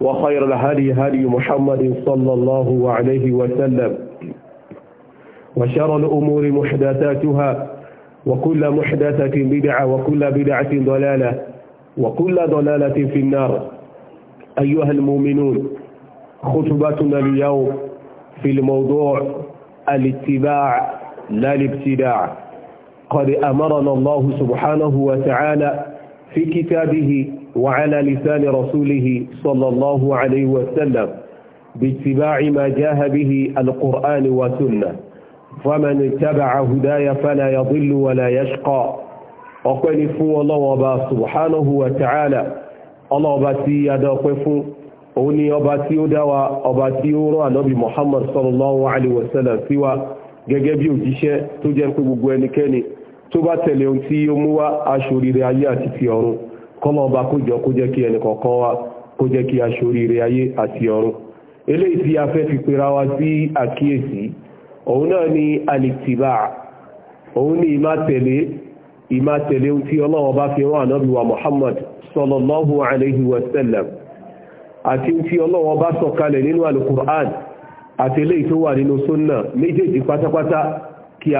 وخير الهدي هدي محمد صلى الله عليه وسلم وشر الأمور محدثاتها وكل محدثة بدعة وكل بدعة ضلالة وكل ضلالة في النار أيها المؤمنون خطبتنا اليوم في الموضوع الاتباع لا الابتداع قد أمرنا الله سبحانه وتعالى في كتابه وعلى لسان رسوله صلى الله عليه وسلم باتباع ما جاه به القرآن والسنة فمن اتبع هداي فلا يضل ولا يشقى ọpẹ́ fún Ọlọ́hun Ọba subhanahu wa ta'ala ọlọ́ọba tí a dá ọpẹ́ fún òun ni ọba tí ó dá wa ọba tí ó rán ànábì Muhammad sallallahu alaihi wasallam sí wa gẹ́gẹ́ bí òjíṣẹ́ tó jẹ́ pé gbogbo ẹnikẹ́ni tó bá tẹ̀lé ohun tí ó mú wá aṣòrire ayé àti ti ọ̀run kọ́mọ ọba kójọ kó jẹ́ kí ẹnì kọ̀ọ̀kan wa kó jẹ́ kí a ṣoríire ayé àti ọ̀run eléyìí tí a fi pera wa sí àkíyèsí òun náà ni alìtìbà òun ni ìmá tẹ̀lé ìmá tẹ̀lé ohun tí ọlọ́wọ́ bá fi rán ànábì wa Muhammad sallallahu alayhi wa sallam àti ohun tí ọlọ́wọ́ bá sọ̀kalẹ̀ nínú alukur'an àti eléyìí tó wà nínú sunna méjèèjì pátápátá kí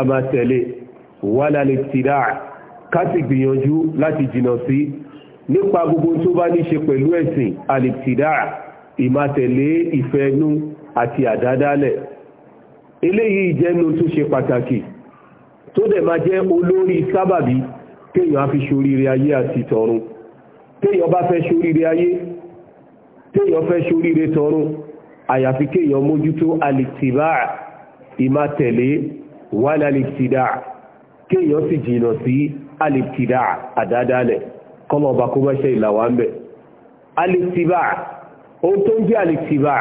gbìyànjú láti jìnnà sí nípa gbogbo tó bá ní ṣe pẹ̀lú ẹ̀sìn alìtìdá ìmátẹ̀lé ìfẹ́nú àti àdádálẹ̀ eléyìí jẹ́nu tó ṣe pàtàkì tó dẹ̀ máa jẹ́ olórí sábàbí téèyàn á fi ṣoríire ayé àti tọ̀run téèyàn bá fẹ́ ṣoríire ayé téèyàn fẹ́ ṣoríire tọ̀run àyàfi kéèyàn mójútó alìtìbá ìmátẹ̀lé wàlálìtìdá kéèyàn sì jìnnà sí alìtìdá àdádálẹ̀ kọ́mọ ọba kó mọ́ṣẹ́ ìlàwà ń bẹ̀. alìtìbà ohun tó ń jẹ́ alìtìbà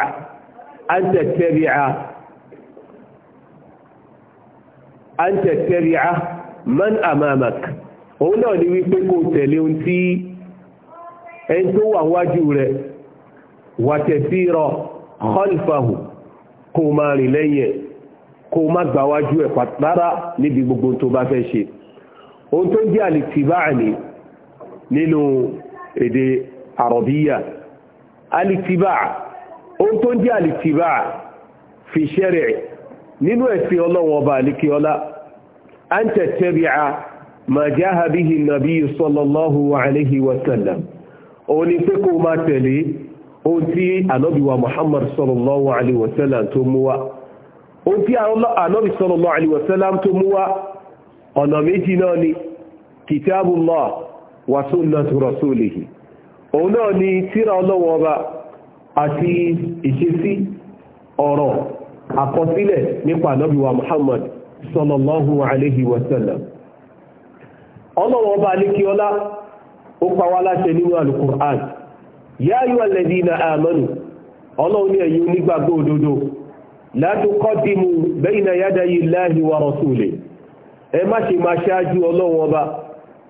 antẹ̀tẹ̀rìá man amamak òun náà ni wípé kó tẹ̀lé ohun tí ẹni tó wà wájú rẹ̀ wàtẹ̀sí rọ khalfahu kó máa rìn lẹ́yìn ẹ̀ kó má gbà wájú ẹ̀ pàtàrà níbi gbogbo tó bá fẹ́ ṣe ohun tó ń jẹ́ alìtìbà nìyí nínú èdè àrọ̀bíyà alìtìbà ohun tó ń jẹ́ alìtìbà fi ṣẹ́rẹ̀ nínú ẹ̀sìn ọlọ́wọ́ ọba alikiola an tẹ̀tẹ̀bìá ma jáha bihi nàbí sallallahu alaihi wasallam òun ni pé kó máa tẹ̀lé ohun tí ànábìwa muhammad sallallahu alaihi wasallam tó mú wá ohun tí ànábì sallallahu alaihi wasallam tó mú wá ọ̀nà méjì náà ni kìtàbùllah wa sunnatu rasulihi òun náà ni tírà ọlọ́wọ́ ọba àti ìṣesí ọ̀rọ̀ àkọsílẹ̀ nípa ànábì wa Muhammad sallallahu alayhi wa sallam ọlọ́wọ́ ọba alékiọlá ó pa wá láṣẹ nínú alukur'an yá ayú alẹ́dínà àmọ́nù ọlọ́run ẹ má ṣe máa ṣáájú ọlọ́run ọba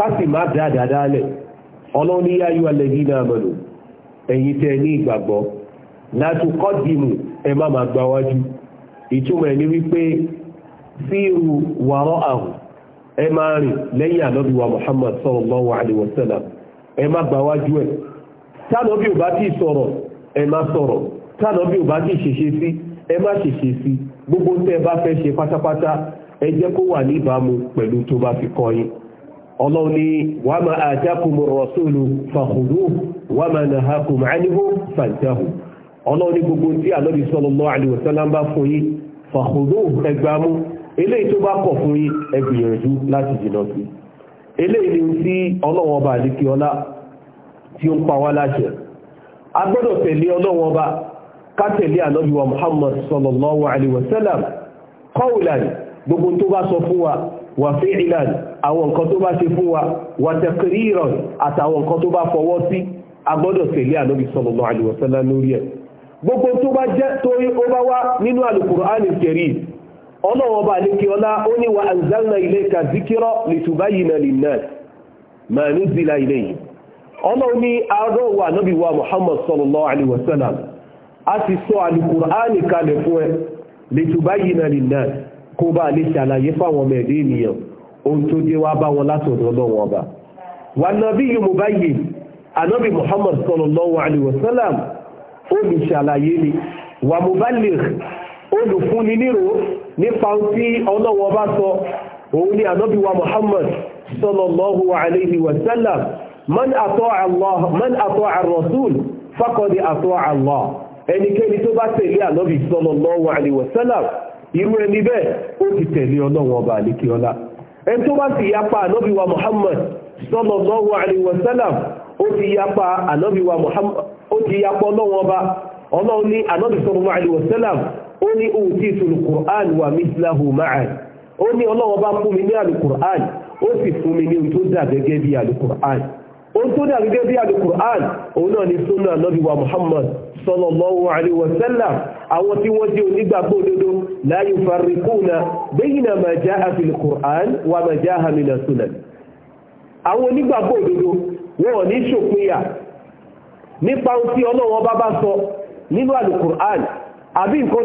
kásì má dá dáadáa lẹ̀ ọlọ́run ní yáyú alẹ́bí náà mọ̀nù ní ìgbàgbọ́ látò kọ́dìmù ẹ má ma gba wájú ìtumọ̀ ẹ̀ ní wípé síru wàrọ̀ àhùn ẹ rìn lẹ́yìn ànábì wa Muhammad sallallahu alaihi wasallam ẹ má gba wájú ẹ̀ tánàbí ò bá ti sọ̀rọ̀ ẹ má sọ̀rọ̀ tánàbí ò bá gbogbo tẹ́ ẹ bá fẹ́ ṣe pátápátá ẹ jẹ́ kó wà níbàámu pẹ̀lú tó bá fi ọlọ́run ni wà máa àjákùmù rọ̀súlù fàkùrú wà máa nà ha kùmù ánìhù fàjáhù ọlọ́run ni gbogbo tí àlọ́bí sallallahu alaihi wasallam bá fún yín fàkùrú ẹgbàmú eléyìí tó bá kọ̀ fún yín ẹ gbìyànjú láti jìnà sí eléyìí ni tí ọlọ́run ọba àdíkì ọlá tí ó ń pa wá láṣẹ a gbọ́dọ̀ tẹ̀lé ọlọ́run ọba ká tẹ̀lé àlọ́bí wa muhammad sallallahu àwọn nǹkan tó bá ṣe fún wa wàtẹ̀kìrìrọ̀ àtàwọn nǹkan tó bá fọwọ́ sí agbọ́dọ̀ tẹ̀lé ànábì sallallahu alaihi wasallam lórí ẹ̀ gbogbo tó bá jẹ́ torí ó bá wá nínú al-Qur'an bá lè wa anzalna ilayka dhikra litubayyina lin-nas ma nuzila ilayhim ọlọ́wọ́ ní arọ́ wa wa Muhammad sallallahu alaihi wasallam a ti sọ al-Qur'an kalẹ̀ fún ẹ litubayyina lin-nas ṣàlàyé fáwọn mẹ́ẹ̀dẹ́ ènìyàn ohun tó dé wá bá wọn látọ̀dọ̀ ọlọ́wọ́n ọba wà nàbí yìí mo bá yè ànábì muhammad sallallahu alayhi wa sallam olùṣàlàyé ni wà mo bá lè olùfúnni nírò nípa ohun tí ọlọ́wọ́n ọba sọ òun ni ànábì wa muhammad sallallahu alayhi wa sallam man atọ́ allah man atọ́ ar-rasul faqad atọ́ allah ẹnikẹ́ni tó bá tẹ̀lé ànábì sallallahu alayhi wa sallam irú ẹni bẹ́ẹ̀ ó ti tẹ̀lé ọlọ́wọ́n ọba àlékíọ́lá ẹni tó bá sì yapa ànábì wa Muhammad sallallahu alaihi wasallam ó ti yapa ànábì wa Muhammad ó ti yapa ọlọ́wọ́n ọba ọlọ́run ní ànábì sallallahu alaihi wasallam ó ní utitu al-Qur'an wa mithlahu ma'a ó ní ọlọ́wọ́n bá fún mi ní al-Qur'an ó sì fún mi ní ohun tó dà gẹ́gẹ́ bí al ohun tó dà gẹ́gẹ́ bí al òun náà ni sunna ànábì Muhammad sallallahu alaihi wa sallam àwọn tí wọ́n jẹ́ onígbàgbọ́ òdodo la yufarriquna bayna ma jaa'a fil Qur'an wa ma jaa'a mina sunan àwọn onígbàgbọ́ òdodo wọ́n ní ṣòpinya nípa ohun tí Ọlọ́run bá bá sọ nínú alukur'an àbí nǹkan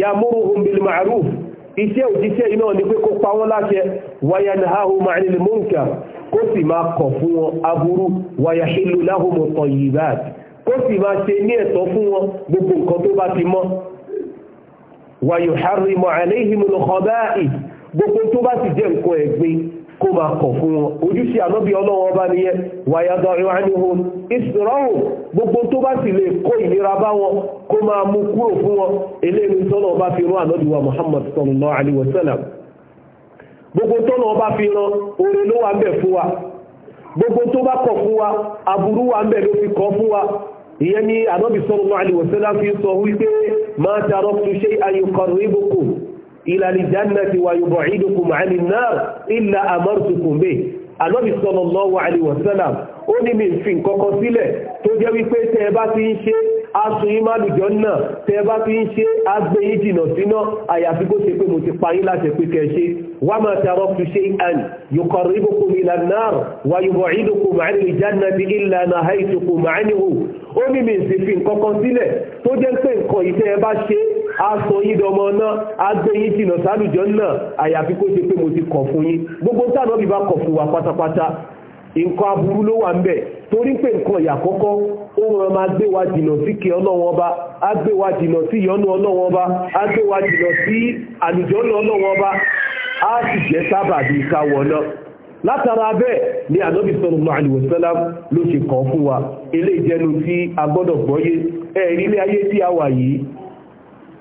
yamuruhum bil ma'ruf iṣẹ́ òjíṣẹ́ iná ni pé kó pa wọ́n láṣẹ wayanahahum 'anil munkar kó sì máa kọ̀ fún wọn aburú wayahillu lahum at-tayyibat kó sì máa ṣe ní ẹ̀tọ́ fún wọn gbogbo nǹkan tó bá ti mọ́ wayuharrimu 'alayhimul khaba'ith gbogbo tó bá ti jẹ́ nǹkan ẹ̀gbin kó máa kọ̀ fún wọn ojúṣe ànábì ọlọ́wọ́ bá nìyẹn wàyàdọ̀ ìwánihun ìsìnrọ́hùn gbogbo tó bá sì lè kó ìnira bá wọn kó máa mú kúrò fún wọn eléyìí tọ́nà ọba fi rán ànábì Muhammad sallallahu alaihi gbogbo tọ́nà ọba fi rán ila al-jannati wa yub'idukum 'ani an-nar illa amartukum bihi ànábì sallallahu alaihi wasallam ó ní mi fi nǹkankan sílẹ̀ tó jẹ́ wípé tẹ́ bá ti ń ṣe aṣun yí máa lùjọ́ náà tẹ́ bá ti ń ṣe agbé yí jìnà síná àyàfi kó ṣe pé mo ti pa yín láti pé kẹ́ ṣe wa ma taraktu shay'an yuqarribukum ila an-nar wa yub'idukum 'ani al-jannati illa nahaytukum 'anhu ó ní mi fi nǹkankan sílẹ̀ tó jẹ́ pé nǹkan ìtẹ́ bá ṣe a sọ yín dọmọ náà a gbé yín jìnà sálùjọ náà àyàfi kó ṣe pé mo ti kọ̀ fún yín gbogbo táà bí bá kọ̀ fún wa pátápátá nǹkan aburú ló wà ń bẹ̀ torí pé nǹkan ìyà kọ́kọ́ ó ràn máa gbé wa jìnà sí kí ọlọ́wọ́n ọba á gbé wa jìnà sí ìyọ́nú ọlọ́wọ́n ọba á gbé wa jìnà sí àlùjọ́nù ọlọ́wọ́n ọba á sì jẹ́ sábà bí ká wọ̀nà látara bẹ́ẹ̀ ni ànábì sallallahu alaihi wasallam ló ṣe kàn fún wa eléyìí jẹ́nu tí a gbọ́dọ̀ gbọ́yé ẹ̀rí ilé ayé tí a wà yìí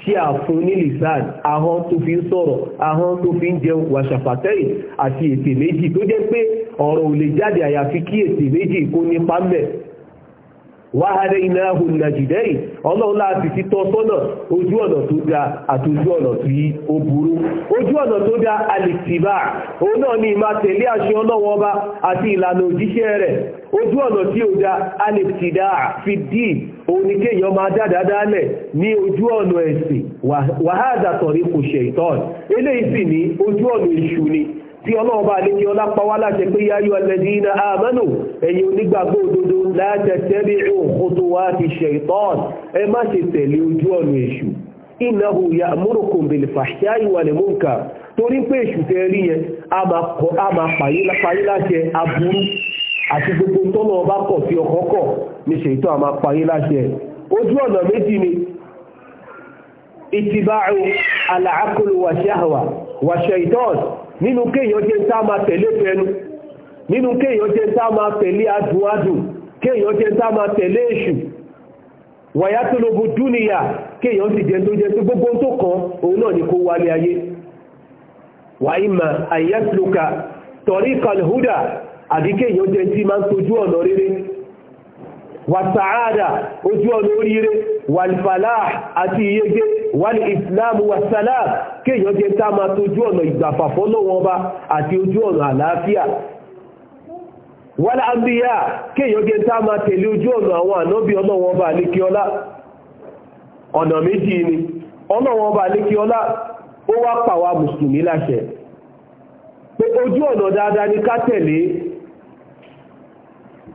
tí a fún ní lisan ahọ́n tó fi ń sọ̀rọ̀ ahọ́n tó fi ń jẹun wàṣàfàtẹ́yìn àti ètè méjì tó jẹ́ pé ọ̀rọ̀ ò lè jáde àyàfi kí ètè méjì kó nípa mẹ́ wáhárẹ́ iná ahùn nàìjíríà ọlọ́run láti ti tọ́ sọ́nà ojú ọ̀nà tó àti ojú ọ̀nà tí ó burú ojú ọ̀nà tó òun ọba àti ìlànà òjíṣẹ́ rẹ̀ ojú ọ̀nà tí ó òun ni kéèyàn máa dáadáa dálẹ̀ ní ojú ọ̀nà ẹ̀sìn wàhálà sọ̀rí kò ṣe ìtọ́n eléyìí sì ní ojú ọ̀nà èṣù ni tí ọlọ́ọ̀bá àlékí ọlá pawá láṣẹ pé yáyọ alladhina amanu ẹ̀yin onígbàgbọ́ òdodo la tattabi'u khutuwati shaytan ẹ má ṣe tẹ̀lé ojú ọ̀nà èṣù innahu ya'murukum bil fahsha'i wal munkar torí pé èṣù tẹ́ rí yẹn a máa àti gbogbo tọ́nà ọba kọ̀ sí ọkọ̀ kọ̀ ní ṣètò àmà payé láṣẹ ojú ọ̀nà méjì ni ìtìbáàrù àlàákùlù wàṣáhàwà wàṣẹ ìtọ́ọ̀n nínú kéèyàn jẹ́ tá máa tẹ̀lé fẹnu nínú kéèyàn jẹ́ tá máa tẹ̀lé adùnadùn kéèyàn jẹ́ tá máa àdíkẹ́ èèyàn jẹ́ tí máa ń sojú ọ̀nà rere wàtàádà ojú ọ̀nà oríire wàlìfàlá àti Iyege wàlì islam wàsálà kéèyàn jẹ́ tá máa sojú ọ̀nà ìgbàfàfọ́ lọ́wọ́ ọba àti ojú ọ̀nà àlàáfíà wàlà àmbíyà kéèyàn jẹ́ tá máa tẹ̀lé ojú ọ̀nà àwọn ọlọ́wọ́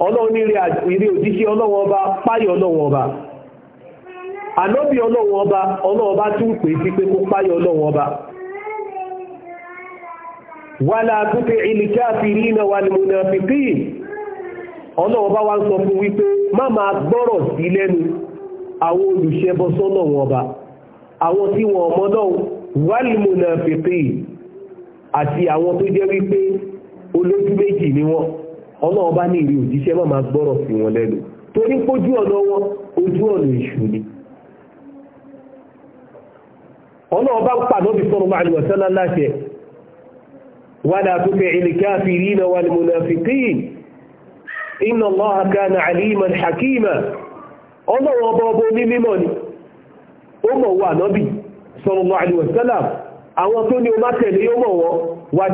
ọlọ́run ní ìrẹ́ òjíṣẹ́ ọlọ́run ọba páyọ̀ ọlọ́run ọba ànọ́bí ọlọ́run ọba ọlọ́run ọba tún pè sí pé kó páyọ̀ ọlọ́run ọba wala ọlọ́run ọba wá ń sọ wípé má gbọ́rọ̀ sí lẹ́nu àwọn náà olójú méjì ni ọlọ́run bá ní ìrì òjíṣẹ́ má máa gbọ́rọ̀ sí wọn lẹ́nu torí pójú ọ̀nà wọn ojú ọ̀nà èṣù ni ọlọ́run bá pàdé òbí sọ́run máa lè wọ̀sán láláṣẹ wala tuti'il kafirina wal munafiqin inna Allaha kana aliman hakima ọlọ́run ọba ọba ní mímọ́ ni ó mọ̀ wà nọ́bì sallallahu alaihi ní o má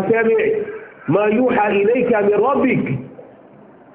ma yuha ilayka min rabbik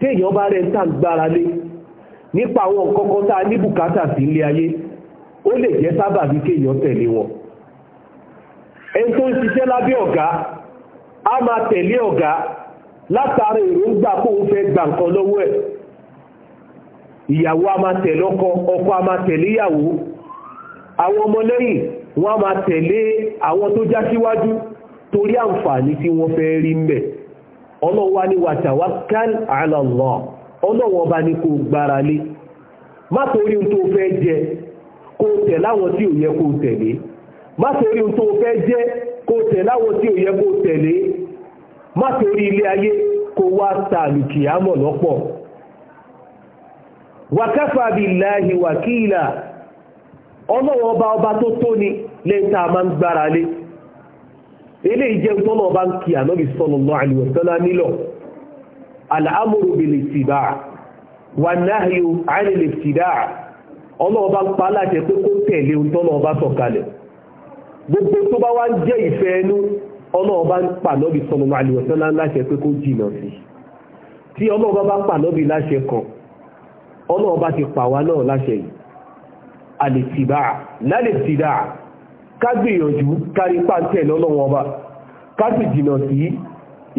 téèyàn bá rẹ̀ tá gbára lé nípa àwọn nǹkan kan tá a ní bùkátà sí ilé ayé ó lè jẹ́ sábàbí kéèyàn tẹ̀lé wọn ẹni tó ń ṣiṣẹ́ lábẹ́ ọ̀gá a máa tẹ̀lé ọ̀gá látara èròǹgbà kó o fẹ́ gba nǹkan lọ́wọ́ ẹ̀ ìyàwó a máa tẹ̀lé ọkọ ọkọ a máa tẹ̀lé ìyàwó àwọn ọmọlẹ́yìn wọ́n a máa tẹ̀lé àwọn tó já síwájú torí àǹfààní tí wọ́n fẹ́ rí mbẹ̀ ọlọ́run wá ní watawakkal ala Allah ọlọ́run ọba ní kó gbára lé má torí ohun tó fẹ́ jẹ kó tẹ̀ láwọn tí ò yẹ kó tẹ̀lé má torí ohun tó fẹ́ jẹ kó tẹ̀ láwọn tí ò yẹ kó tẹ̀lé má torí ilé ayé kó wá ta àlùkìyámọ̀ lọ́pọ̀ wàkàfà billahi wàkìlà ọlọ́run ọba tó tó ni lẹ́ta máa ń gbára lé eléyìí ije tọ́nà ọba ń kí ànábì sallallahu alaihi nílọ̀ al wa bil-ittiba' wan-nahyu 'an ń pa láti pé kó tẹ̀lé ọba sọ̀kalẹ̀ gbogbo tó bá wá ń jẹ́ ìfẹ́ ẹnu ọlọ́ọba ń pa ànábì sallallahu alaihi láti ká gbìyànjú kárí pàǹtẹ̀ lọ́lọ́wọ́ ọba ká sì jìnà sí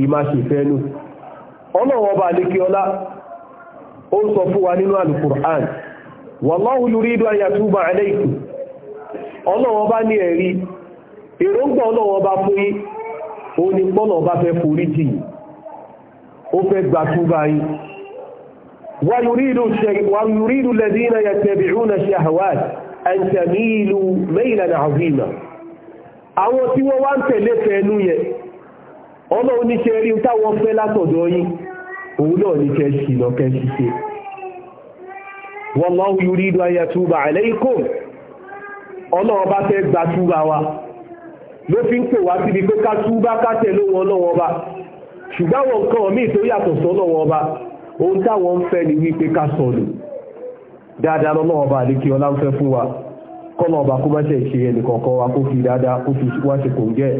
ìmáṣẹ̀fẹ́nu ọlọ́wọ́ ọba ó sọ fún wa nínú alukur'an wallahu yuridu ìdú yatuba alaykum ọlọ́wọ́ ọba ní ẹ̀rí èròǹgbà ọlọ́wọ́ ọba fún ó ní ọba fẹ́ forí jì ó fẹ́ gbà túbà an tamilu maylan azima àwọn tí wọ́n wá ń tẹ̀lé fẹ́ẹ̀nú yẹn ọmọ oníṣẹ́ rí táwọn fẹ́ látọ̀dọ̀ yín òun náà ní kẹ́ṣì lọ kẹ́ṣì ṣe wallahu wa ló fi ń pè wá síbi pé ká túbá ká tẹ̀lé wọn lọ́wọ́ ọba nǹkan tó yàtọ̀ sọ́lọ́wọ́ dáadáa lọ́nà ọba àdékè ọlá fún wa kọ́nà ọba kó má ṣe ẹni ẹnìkọ̀ọ̀kan wa kó fi dáadáa kó fi wá ṣe kò ń jẹ́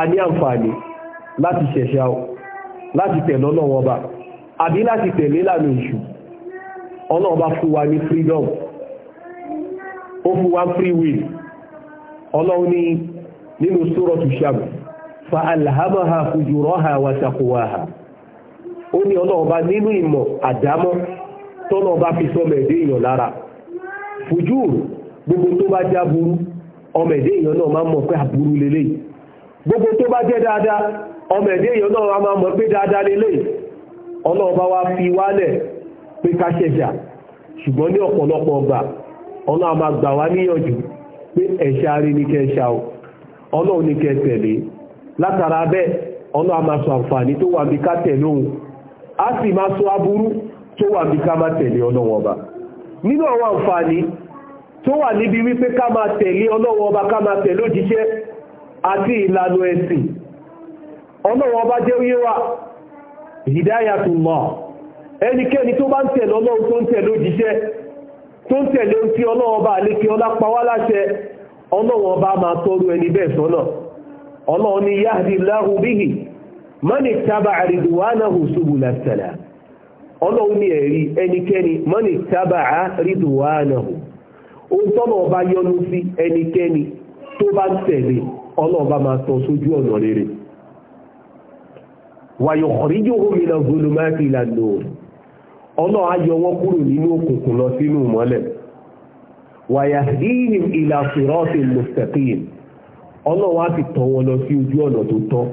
a ní àǹfààní láti ṣẹ̀ṣà o láti tẹ̀lé ọ̀nà ọba àbí láti tẹ̀lé lànà ìṣù fún wa ní free will ọlọ́run ní nínú fa alhamaha wa ó ní ọlọ́run bá nínú ìmọ̀ àdámọ́ tọ́nà bá fi sọ ẹ̀dẹ́ èèyàn lára gbogbo tó bá ọmọ èèyàn náà máa mọ̀ pé gbogbo tó bá jẹ́ dáadáa ọmọ èèyàn náà máa mọ̀ pé dáadáa lélẹ́yìí ọlọ́run wá fi wálẹ̀ pé ká ṣẹ̀ṣà ṣùgbọ́n ní ọ̀pọ̀lọpọ̀ ọgbà máa gbà wá níyànjú pé ẹ̀ṣà rí kẹ́ tẹ̀lé látara bẹ́ẹ̀ máa sọ ká tẹ̀lé òun a sì máa sọ aburú tó wà bí ká máa tẹ̀lé ọlọ́wọ́ ọba nínú àwọn àǹfààní tó wà níbi wípé ká máa tẹ̀lé ọlọ́wọ́ ọba ká máa tẹ̀lé òjíṣẹ́ àti ìlànà ẹ̀sìn ọlọ́wọ́ ọba jẹ́ oyé wa hidayatullah ẹnikẹ́ni tó bá ń tẹ̀lé ọlọ́run tó ń tẹ̀lé òjíṣẹ́ tó ń tẹ̀lé ohun ọba àlékè láṣẹ ọba máa ẹni bẹ́ẹ̀ sọ́nà ni mọ́nì tábà àrídùwánàhù ṣubùlà sàlà ọlọ́run ní ẹ̀rí ẹnikẹ́ni mọ́nì tábà àrídùwánàhù ohun tọ́nà ọba yọ́nú sí ẹnikẹ́ni tó bá ń tẹ̀lé ọlọ́ọ̀bá máa tọ́ sójú ọ̀nà rere wàyọ̀ ọ̀ríjò gómìnà golomáàtì ìlànà ọlọ́ọ̀ ayọ̀ wọn kúrò nínú òkùnkùn lọ sínú mọ́lẹ̀ wàyà ìhìn ìlà sírátì mustaqim ọlọ́ọ̀ wá ti tọ́ wọn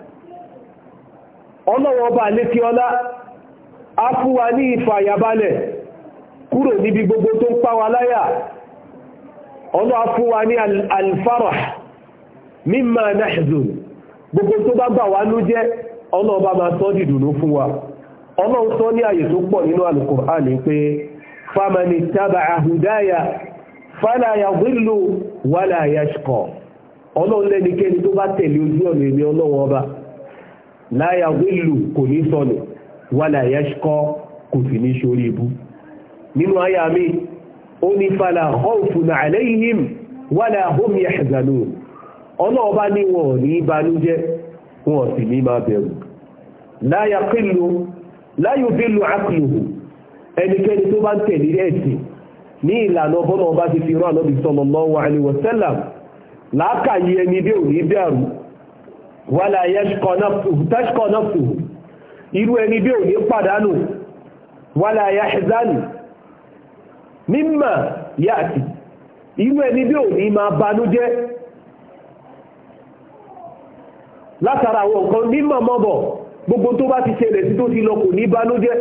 ọlọ́wọ́ ọba lékí ọlá á fún wa kúrò níbi gbogbo tó ń pá wa láyà ọlọ́ fún wa ní mimma nahzun gbogbo tó bá bà wá ló jẹ́ ọlọ́ ma máa dìdùnú fún wa sọ ní àyè tó pọ̀ nínú alukur'an pé láyà wílù kò ní sọnù wàlà yẹ́ṣkọ́ kò sì ní ṣorí ibú nínú àyà mi ó ní fàlà khawfun alayhim wàlà hum na ọlọ́ọ̀bá ní wọn ò ní banújẹ́ wọn ò sì ní máa bẹ̀rù láyà kílù láyò bílù àkìlù ẹnikẹ́ni tó bá ń tẹ̀lé ẹ̀sìn ní ìlànà bọ́nà ọba ti fi rán ànábì sallallahu alaihi ẹni bí ò ní bẹ̀rù wàlá yẹ́ṣkọ̀ náà irú ẹni bí ò ní pàdánù wàlá yahzanu mimma ya'ti irú ẹni bí ò ní máa banújẹ́ látara àwọn nǹkan mimma mọ́bọ̀ gbogbo tó bá ti ṣẹlẹ̀ sí tó ti lọ kò ní banújẹ́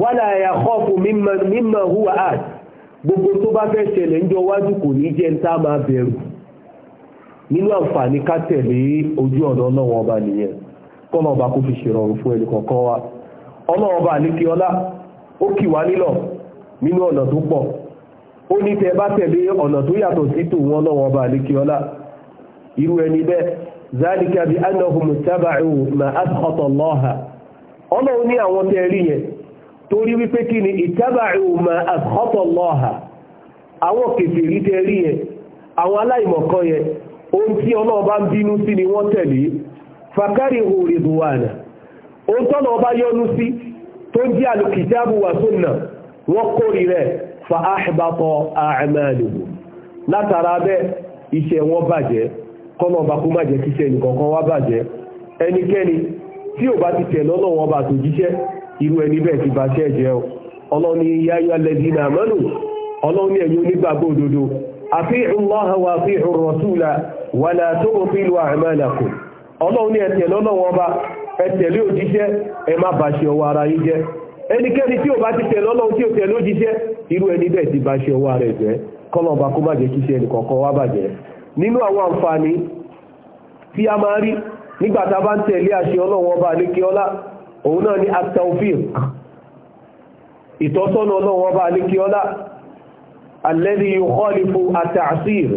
wàlá yakhafu mimma huwa àti gbogbo tó bá fẹ́ ṣẹlẹ̀ ń jọ wájú kò ní jẹ́ ń tá máa bẹ̀rù nínú àǹfààní ká tẹ̀lé ojú ọ̀nà ọlọ́wọ́n ọba nìyẹn kọ́nà ọba kó fi ṣèrọ̀rùn fún ẹnì kọ̀ọ̀kan wa ọlá ó kì wá nílọ̀ nínú ọ̀nà tó pọ̀ ó ní tẹ bá tẹ̀lé ọ̀nà tó yàtọ̀ sí tòun ọlá irú ẹni bẹ́ẹ̀ ní àwọn rí yẹn torí wípé kí ni ohun tí ọlọ́run bá ń bínú sí ni wọ́n tẹ̀lé fàkárì òrèbò ohun tọ́nà ọba yọ́nú sí tó ń jẹ́ àlùkìtàbù wà sónà wọ́n kórì rẹ̀ fa àhìbàtọ̀ látara bẹ́ iṣẹ́ wọn bàjẹ́ kọ́nà ọba jẹ́ kíṣẹ́ nìkankan wá bàjẹ́ ẹnikẹ́ni tí ò bá ti tẹ̀ bá tó jíṣẹ́ irú ẹni bẹ́ẹ̀ ti bàṣẹ́ jẹ́ ọlọ́ni lẹ́dínà àmọ́nù ọlọ́ni òdodo àfihàn àfihàn rọ̀túlà wàlá tó mọ̀ fílù àmàlàkù ọlọ́run ní ẹ̀tẹ̀ lọ́lọ́wọ́ ọba ẹ̀tẹ̀lé òjíṣẹ́ ẹ má bà ṣe ọwọ́ ara jẹ́ ẹnikẹ́ni tí ò bá ti tẹ̀ lọ́lọ́run tí ò tẹ̀lé òjíṣẹ́ irú ẹni bẹ́ẹ̀ ti bà ṣe ọwọ́ ara ẹ̀jẹ́ kó má jẹ́ kíṣẹ́ bá ọlá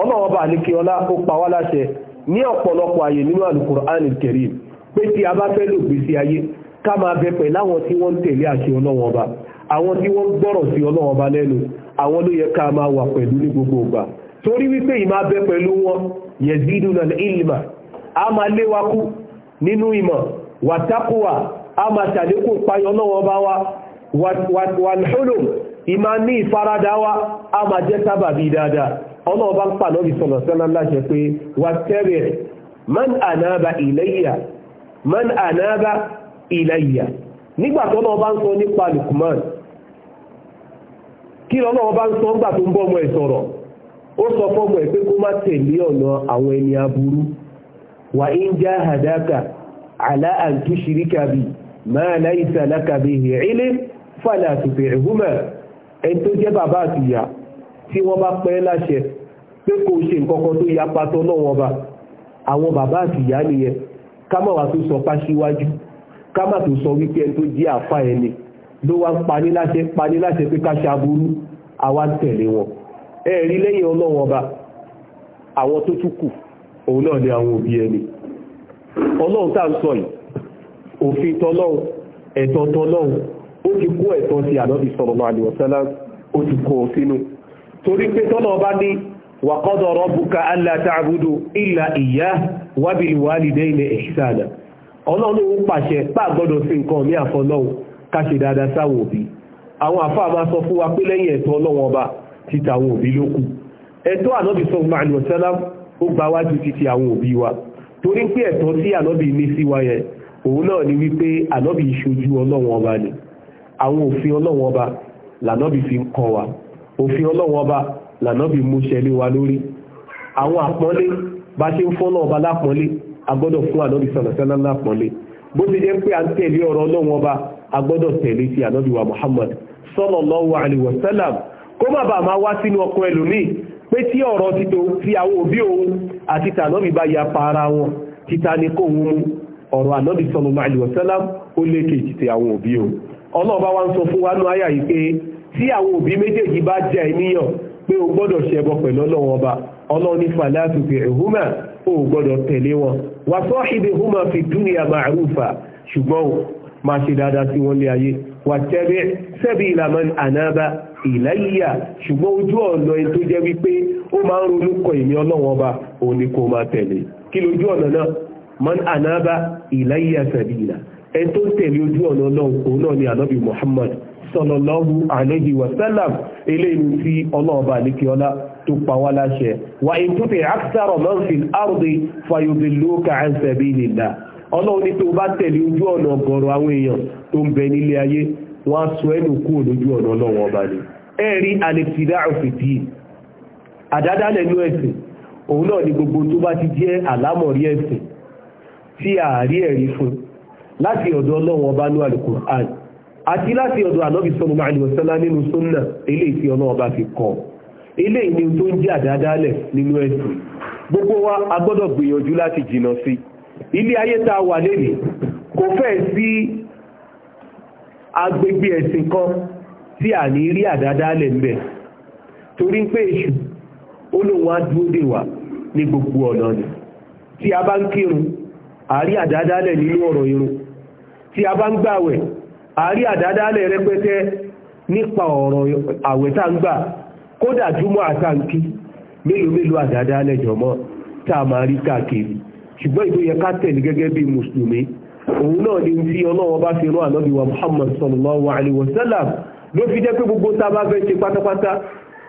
ọlọ́wọ́ bá ní kí ọlá ó pa wá láṣẹ ní ọ̀pọ̀lọpọ̀ ayé nínú Al-Qur'an Al-Karim pé tí a bá fẹ́ lò gbèsè ayé ká máa bẹ pẹ̀ láwọn tí wọ́n ń tẹ̀lé àṣẹ ọlọ́wọ́ ọba àwọn tí wọ́n gbọ́rọ̀ sí ọlọ́wọ́ ọba lẹ́nu àwọn ló yẹ ká máa wà pẹ̀lú ní gbogbo ìgbà wa wàlhúlùm ìmá ní ìfaradà wa a ọlọ́ọ̀bá ń pàdánù ìsọ̀nà sẹ́lá láṣẹ pé wà tẹ́rẹ̀ man ànába ìlẹ́yà man ànába ìlẹ́yà nígbà tó ọlọ́ọ̀bá ń sọ nípa Lukman kí ọlọ́ọ̀bá ń sọ ńgbà tó ń bọ́ ọmọ ẹ̀ sọ̀rọ̀ ó sọ fọ́mọ ẹ̀ pé kó má tẹ̀lé ọ̀nà àwọn ẹni aburú wà ń já hadaka àlá àǹtúṣiríkà bíi máa láìsà lákàbí ìhìnrìnlẹ̀ fàlà àtùfẹ̀ ẹ̀húmà ẹni tó jẹ́ bàbá àtìyà tí wọ́n bá pẹ́ láṣẹ pé kò ṣe nǹkankan tó ya tọ́ náà wọn ba àwọn bàbá àtìyá nìyẹn ká má wàá tó sọ páṣíwájú ká má tó sọ wípé ẹni tó jẹ́ àfa ẹni ló wá ń pani láṣẹ pani láṣẹ pé ká ṣe aburú àwa ń tẹ̀lé wọn ẹ rí lẹ́yìn ọlọ́wọ́n ba àwọn tó tún kù òun náà ni àwọn òbí ẹni ọlọ́run tá ń sọ yìí òfin tọlọ́run ẹ̀tọ́ tọlọ́run ó ti kó ẹ̀tọ́ ti ànábì sallallahu alaihi wasallam ó ti kó sínú torí pé tọ́lọ̀ bá ní wa qada rabbuka alla ta'budu illa iyyahu wa bil walidayni ihsana ọlọ́run ó pàṣẹ pà gbọ́dọ̀ sí nǹkan ní àfọlọ́hùn ká ṣe dáadáa sáwọn òbí àwọn àfáà máa sọ fún wa pé lẹ́yìn ẹ̀tọ́ ọlọ́run ọba ti tàwọn òbí ló kù ẹ̀tọ́ ànábì sọ fún àlùwọ̀ sẹ́lá ó àwọn òbí wa ọba ni àwọn fi ń kọ́ wa òfin ọlọ́run ọba lànà bí mú ṣẹlẹ̀ wa lórí àwọn àpọ́nlé bá ṣe ń fọ́nà ọba lápọ́nlé a gbọ́dọ̀ fún ànábì sọ̀nàṣẹ́lá lápọ́nlé bó ti jẹ́ pé à ń tẹ̀lé ọ̀rọ̀ ọlọ́run ọba a tẹ̀lé ti ànábì wa Muhammad sallallahu alaihi wasallam kó má bàa máa wá sínú ya pa ara wọn títa ni kó wọn mú ọ̀rọ̀ ànábì sallallahu alaihi wasallam ó lékè jìtẹ̀ àwọn òbí òun tí àwọn òbí méjèèjì bá jẹ́ níyàn pé o gbọ́dọ̀ ṣẹbọ pẹ̀lú ọlọ́wọ́n ọba ọlọ́run ní fàlàtùkì ẹ̀húmà o gbọ́dọ̀ tẹ̀lé wọn wà sọ́ọ̀ṣìbì ẹ̀húmà fi dúnìyà màrúfà ṣùgbọ́n máa ṣe dáadáa sí wọn lé ayé wà tẹ́bí sẹ́bí ìlànà ànábà ṣùgbọ́n ojú ọ̀nà sọlọ́lọ́hu àlẹ́hì wàsálàm eléyìí tí ọlọ́ọ̀bà àlékiọlá tó pa láṣẹ wà ìtútẹ̀ àkítàrọ̀ mọ́fìl àrùdí fayodèlóka àǹsẹ̀bí nìlá ọlọ́run ní tó bá tẹ̀lé ojú ọ̀nà ọ̀gọ̀rọ̀ àwọn èèyàn tó ń bẹ nílé ayé wọ́n á ọ̀nà òun náà ni gbogbo tó bá ti jẹ́ tí a fún láti ọ̀dọ̀ ọlọ́run ọba ní Al-Qur'an àti láti ọ̀dọ̀ ànábì sallallahu alaihi wasallam nínú súnnà eléyìí tí ọlọ́wọ́ bá fi kọ́ eléyìí ni tó ń jẹ́ àdáadáalẹ̀ nínú ẹ̀sìn gbogbo wa a gbọ́dọ̀ gbìyànjú láti jìnà sí ilé ayé tá a wà lénìí kò fẹ́ sí agbègbè ẹ̀sìn kan tí a ní rí àdáadáalẹ̀ ń torí pé èṣù ó dúró dè wá ní gbogbo ọ̀nà ni tí a bá ń kírun àrí àdáadáalẹ̀ nínú ọ̀rọ̀ irun tí a bá ń gbàwẹ̀ àárí àdádálẹ̀ rẹpẹtẹ nípa ọ̀rọ̀ àwẹ̀ tá ń gbà kódà júmọ́ àtàǹkí mélòó mélòó àdádálẹ̀ jọmọ́ tá a máa rí káàkiri ṣùgbọ́n ìlú yẹ ká tẹ̀lé gẹ́gẹ́ bí mùsùlùmí òun náà ni tí ọlọ́wọ́ bá fi rán ànábì Muhammad sallallahu alaihi wasallam ló fi jẹ́ pé gbogbo tá a bá fẹ́ ṣe pátápátá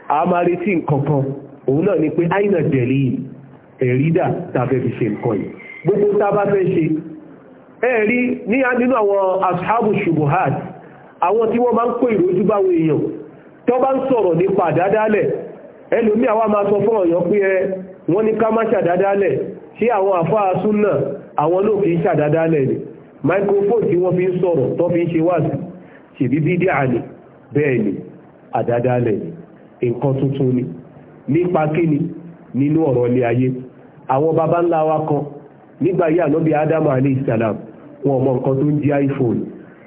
a máa retí nǹkan kan òun náà ẹ̀rí ní nínú àwọn ashabu shubuhat àwọn tí wọ́n máa ń kó ìrójú báwọn èèyàn tó bá ń sọ̀rọ̀ nípa àdádálẹ̀ ẹlòmí sọ fún ọ̀yọ́ pé ẹ wọ́n ní ká má ṣàdádálẹ̀ ṣé àwọn àfáà àwọn ló fi ń ṣàdádálẹ̀ ni microphone tí fi ń sọ̀rọ̀ tó fi ń ṣe wọn mọ nǹkan tó ń jẹ́ iphone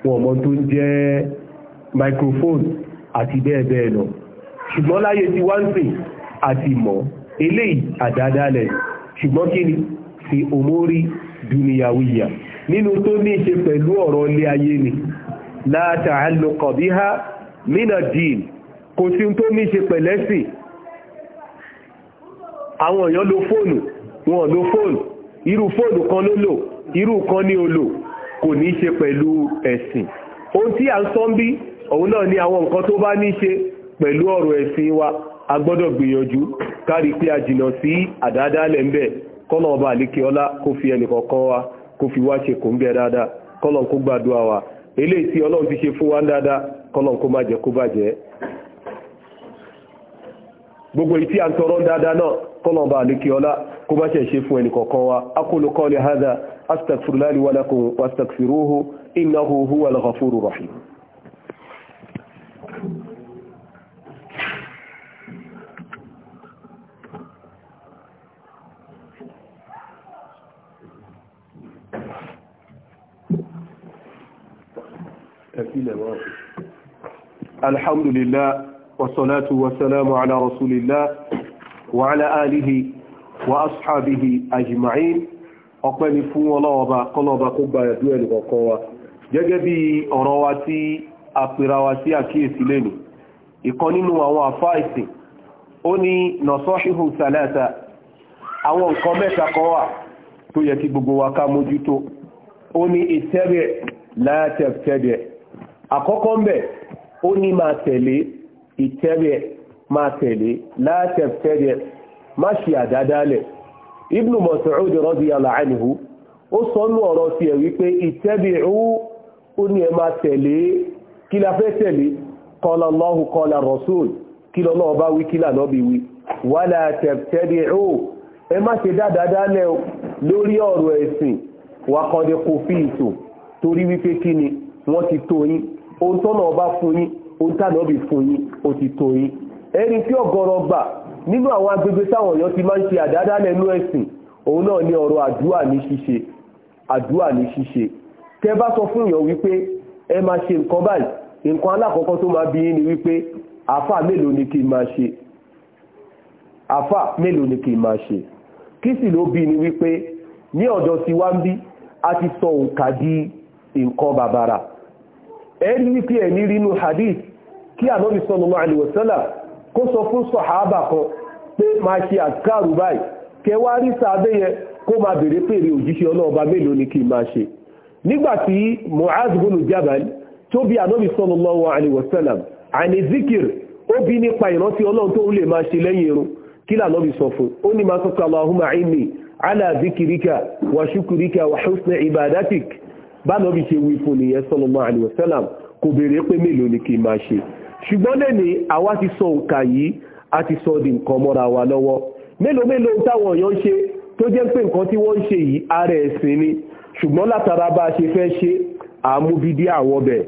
wọn mọ tó ń jẹ́ microphone àti bẹ́ẹ̀ bẹ́ẹ̀ lọ ṣùgbọ́n láyé tí wá ń pè àti mọ̀ eléyìí àdádálẹ̀ ṣùgbọ́n kí ni fi òmórí dúnìyàwíyà nínú tó ní ṣe pẹ̀lú ọ̀rọ̀ ilé ayé ni láta àlùkọ̀ bí ha mínà dìín kò sí tó ní ṣe pẹ̀lẹ́sìn àwọn èèyàn lo fóònù wọn lo fóònù irú fóònù kan ló lò irú kan ní o kò ní ṣe pẹ̀lú ẹ̀sìn ohun tí a ń sọ ń bí òun náà ni àwọn nǹkan tó bá ní ṣe pẹ̀lú ọ̀rọ̀ ẹ̀sìn wa a gbọ́dọ̀ gbìyànjú kárí pé a jìnà sí àdáadáalẹ̀ ń bẹ̀ kọ́nà ọba àlékè ọlá kó fi ẹnìkọ̀ọ̀kan wa kó fi wá ṣe kò ń gẹ dáadáa kọ́nà kó gbàdúrà wa eléyìí tí ọlọ́run ti ṣe fún wa dáadáa kọ́nà أستغفر الله لي ولكم واستغفروه إنه هو الغفور الرحيم الحمد لله والصلاة والسلام على رسول الله وعلى آله وأصحابه أجمعين ọpẹ́ ni fún ọlọ́ọba kọlọ́ọba kó gba ẹ̀dú ẹ̀lù kọ̀ọ̀kan wa gẹ́gẹ́ bí ọ̀rọ̀ wa tí a pèrà wa sí àkíyèsí lẹ́nu ìkan nínú àwọn àfá ìsìn ó ní nọ̀sọ́ṣíhù sàlẹ́ta àwọn nǹkan mẹ́ta kan wà tó yẹ kí gbogbo wa ká mójútó ó ní ìtẹ́bẹ̀ látẹ̀tẹ̀bẹ̀ àkọ́kọ́ ń bẹ̀ ó ní máa tẹ̀lé ìtẹ́bẹ̀ máa tẹ̀lé látẹ̀tẹ̀bẹ̀ má ṣe àdádálẹ̀ Ibn Mas'ud radiyallahu anhu ó sọ nú ọ̀rọ̀ tiẹ̀ wípé ittabi'u ó ní ẹ máa tẹ̀lé kí la fẹ́ tẹ̀lé qala Allahu qala rasul kí lọ́nà ọba wí kí lànà bí wí wala tabtadi'u ẹ má ṣe dáadáa lẹ́ lórí ọ̀rọ̀ ẹ̀sìn wàkọ̀dẹ̀ kò fi nínú àwọn agbègbè táwọn èèyàn ti máa ń ṣe àdáadá lẹ́nu ẹ̀sìn òun náà ni ọ̀rọ̀ àdúà ní ṣíṣe àdúà ní ṣíṣe tẹ bá sọ fún èèyàn wípé ẹ máa ṣe nǹkan báyìí nǹkan alákọ̀ọ́kọ́ tó máa bí ni wípé àáfà mélòó ni kí n máa ṣe àáfà ni kí sì ló bí ni wípé ní ọ̀dọ̀ tí wá ń bí a ti sọ òǹkà di nǹkan bàbàrà ẹ ní wípé ẹ ní rínú hadith kí ànábì sallallahu alaihi wasallam kó sọ fún sọ̀hábà kan pé máa ṣe àkàrù báyìí kẹwàá rí sábẹ́ yẹn kó máa bèrè pèrè òjíṣẹ́ ọlọ́ọ̀ba mélòó ni kí n máa ṣe nígbàtí Mu'az bonu Jabal tó bí zikir ó bí nípa ìrántí ọlọ́run tó lè máa ṣe lẹ́yìn irun kí lànàbì sọ fún ó ní máa bá nàbì ṣe wí fún nìyẹn ṣùgbọ́n lẹ́ni àwa ti sọ òǹkà yìí a ti sọ di nǹkan mọ́ra wa lọ́wọ́ mélòó mélòó táwọn èèyàn ṣe tó jẹ́ pé nǹkan tí wọ́n ń ṣe yìí ara ẹ̀sìn ni ṣùgbọ́n látara bá a ṣe fẹ́ ṣe àmúbídí àwọn bẹ̀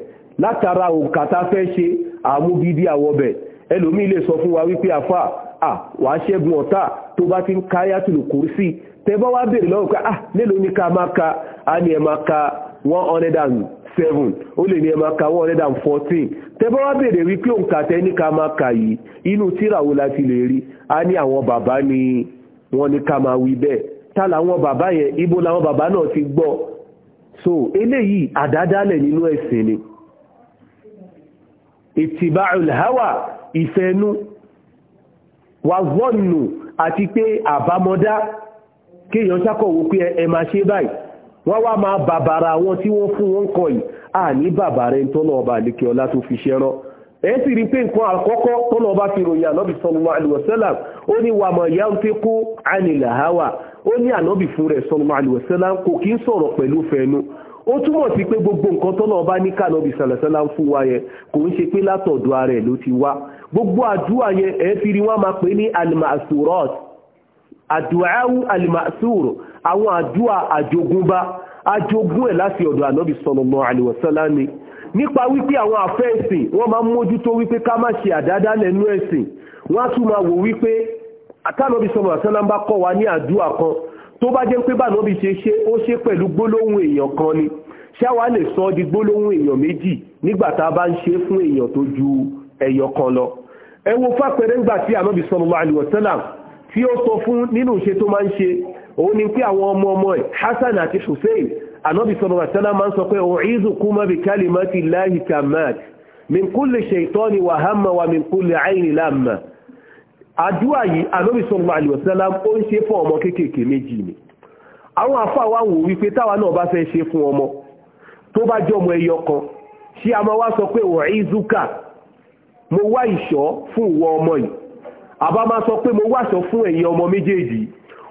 látara òǹkà tá fẹ́ ṣe àmúbídí àwọn bẹ̀ ẹlòmíì lè sọ fún wa wípé àfà à wàá ṣẹ́gun ọ̀tá tó bá ti ń káyà tìlù kùrsì tẹ́ bá wá béèrè lọ́wọ́ pé à ah, mélòó ni ká máa ka á ní ẹ máa ka one hundred and seven ó lè ní ẹ máa ka one hundred and fourteen tẹ́bá wá bèrè wípé òǹkà tẹ́ni ká máa kà yìí inú tíra wo la ti lè rí a ní àwọn bàbá ni wọ́n ní ká máa wí bẹ́ẹ̀ ta làwọn bàbá yẹn ibo làwọn bàbá náà ti gbọ́ so eléyìí àdádálẹ̀ nínú ẹ̀sìn ni ìtìbáàrùn hawa ìfẹ́nú wàzọ́nù àti pé àbámọ́dá kéèyàn sákọ̀wò pé ẹ máa ṣe báyìí wọ́n wá máa bàbàrà àwọn tí wọ́n fún wọn kọ̀ yìí à ní bàbàrà ẹni tọ́nà ọba àlékè ọlá tó fi ṣẹ́ rán ẹ̀ sì rí pé nǹkan àkọ́kọ́ tọ́nà ọba fi ròyìn ànábì sallallahu alaihi ó ní wà mọ̀ ìyá ń fi kú ànilà háwà ó ní ànábì fún rẹ̀ sallallahu alaihi kò kí ń sọ̀rọ̀ pẹ̀lú fẹnu ó túmọ̀ sí pé gbogbo nǹkan tọ́nà ọba ní kànábì sàlẹ̀sẹ́lá fún wa yẹn kò ń ṣe pé látọ̀dọ̀ ara ẹ̀ ló ti wá gbogbo àdúrà yẹn ẹ̀ fi rí wọn máa pè ní alimasurot àdúrà alimasuro àwọn àdúà àjogúnbá ajogún ẹ̀ láti ọ̀dọ̀ ànábì sallallahu alaihi wasallam ni nípa wípé àwọn àfẹ́ẹ̀sìn wọ́n máa ń mójútó wípé ká má ṣe àdáadáa lẹ́nu ẹ̀sìn wọ́n á tún máa wò wípé àtànábì sallallahu alaihi wasallam bá kọ́ wa ní àdúà kan tó bá jẹ́ pé bànábì ṣe ṣe ó ṣe pẹ̀lú gbólóhùn èèyàn kan ni ṣáwa lè sọ di gbólóhùn èèyàn méjì nígbà tá a bá ń ṣe fún èèyàn tó ju ẹyọ kan lọ ẹ wo fápẹrẹ ńgbà tí ànábì sallallahu alaihi tí ó sọ fún nínú ìṣe tó máa ń ṣe òun ni pé àwọn ọmọ ọmọ ẹ̀ Hassan àti Hussein anábì sọ̀rọ̀ àtẹ́lá máa ń sọ pé u'izukuma bi kalimati llahi tammat min kulli shaytani wa hamma wa min kulli ayni lamma àdúrà yìí anábì sọ̀rọ̀ àlùwọ̀sẹ́lá ó ń ṣe fún ọmọ kéékèèké méjì ni àwọn àfà wa wò wípé táwa náà bá fẹ́ ṣe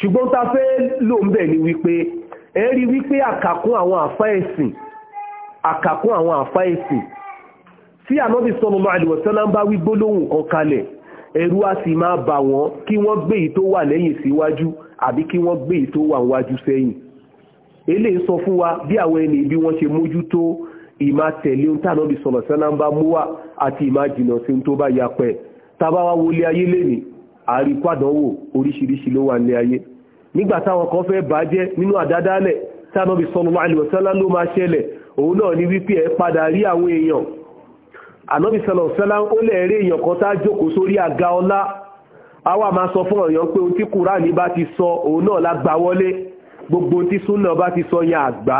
ṣùgbọ́n ta fẹ́ lò ń bẹ̀ ni wípé ẹ rí wípé àkàkún àwọn àfá ẹ̀sìn àkàkún àwọn àfá ẹ̀sìn tí ànábì sallallahu alaihi wasallam ń bá wí gbólóhùn kan kalẹ̀ ẹ̀rù á sì máa bà wọ́n kí wọ́n gbé èyí tó wà lẹ́yìn síwájú àbí kí wọ́n gbé èyí tó wà wájú sẹ́yìn eléyìí sọ fún wa bí àwọn ẹni bí wọ́n ṣe mójútó ìmá tẹ̀lé ohun tànábì sallallahu alaihi wasallam ń bá mú wa àti ìmá jìnnà sí ohun tó bá yapẹ̀ tá a bá wá wọlé ayé lénìí àríkwádánwò oríṣiríṣi ló wà ní ayé nígbà táwọn kan fẹ́ bàjẹ́ nínú àdádálẹ̀ tí Ànábì sallallahu alaihi wasallam ló máa ṣẹlẹ̀ òun náà ni wípé ẹ padà rí àwọn èèyàn Ànábì sallallahu alaihi wasallam ó lẹ́ẹ̀rẹ́ èèyàn kan tá jókòó sórí àga ọlá àwa máa sọ fún ọ̀yàn pé ohun tí Kùránì bá ti sọ òun náà la gbà wọlé gbogbo ohun tí súnà bá ti sọ yẹn àgbà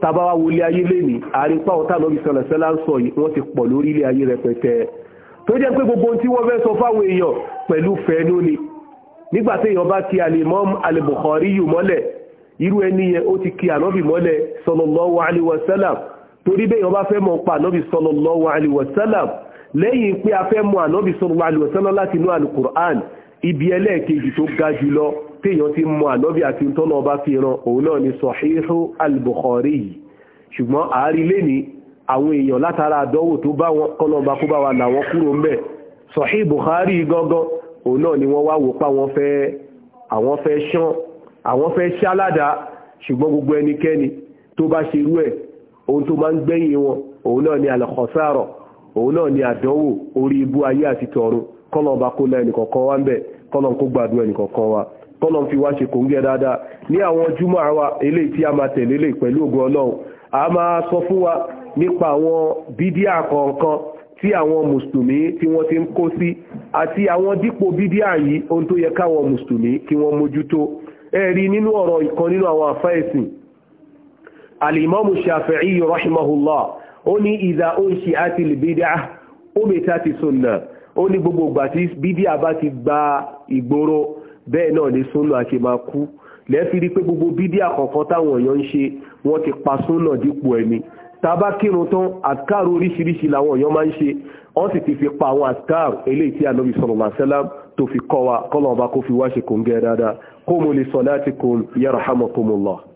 tabawa wọlé ayé lénìí àrípá ọ̀tá Ànábì sallallahu alaihi wasallam ń sọ yìí wọ́n ti pọ̀ lórí ayé rẹpẹtẹ tó jẹ́ pé gbogbo tí wọ́n fẹ́ sọ fáwọn èèyàn pẹ̀lú fẹ́ ló ni nígbà tí èèyàn bá ti al-Imam al-Bukhari yù mọ́lẹ̀ irú ẹni yẹn ó ti kí ànábì mọ́lẹ̀ sallallahu alaihi wasallam torí bẹ́ẹ̀ èèyàn bá fẹ́ mọ̀ sallallahu alaihi wasallam lẹ́yìn pé a fẹ́ mọ̀ ànábì sallallahu alaihi wasallam láti al-Qur'an ibi ẹlẹ́ẹ̀kejì tó ga jùlọ téèyàn ti mọ̀ ànábì àti tọ́nà ọba fi ran òun náà ni Sahihu al-Bukhari yìí ṣùgbọ́n àárí lénìí àwọn èèyàn látara àdánwò tó bá wọn kó bá wa là wọ́n kúrò ńbẹ̀ Sahih Bukhari gangan òun náà ni wọ́n wá wò pa àwọn fẹ́ àwọn fẹ́ ṣán àwọn fẹ́ ṣáládà ṣùgbọ́n gbogbo ẹnikẹ́ni tó bá ṣe irú ẹ̀ ohun tó máa ń gbẹ̀yìn wọn òun náà ni al-khasara òun náà ni àdánwò orí ibú ayé àti tọ̀run kọ́lọ́ba kó la ẹnìkọ̀ọ̀kan wá ń bẹ̀ kọ́lọ́n kó gbàdúrà ẹnìkọ̀ọ̀kan wa kọ́lọ́n fi wá ṣe kòńgẹ́ dáadáa ní àwọn júmọ̀ àwa eléyìí tí a máa tẹ̀lé lè pẹ̀lú ògùn ọlọ́run a máa sọ fún wa nípa àwọn bídíà kọ̀ọ̀kan tí àwọn mùsùlùmí tí wọ́n ti ń kó sí àti àwọn dípò bídíà yìí ohun tó yẹ káwọn mùsùlùmí kí wọ́n mójútó ẹ̀rí nínú ọ̀rọ̀ ìkan nínú àwọn àfáìsìn alìmọ́mù Shafi'i rahimahullah ó ní ìdá ó ń ṣe àti sunna ó ní gbogbo ìgbà tí bídíà bá ti gba sunna àti máa kú lẹ́fìrí pé gbogbo bídíà kọ̀ọ̀kan táwọn èèyàn ń ṣe wọ́n ti pa sunna dípò ẹni tàbá kírun tán àkàrò oríṣiríṣi làwọn èèyàn máa ń ṣe wọ́n sì ti fi pa àwọn àkàrò eléyìí tí ànábì sallallahu alaihi wasallam tó fi kọ́ wa kọ́lọ̀ ọba kó fi wá kò ń gẹ́ dáadáa qumu li salatikum yarhamukumullah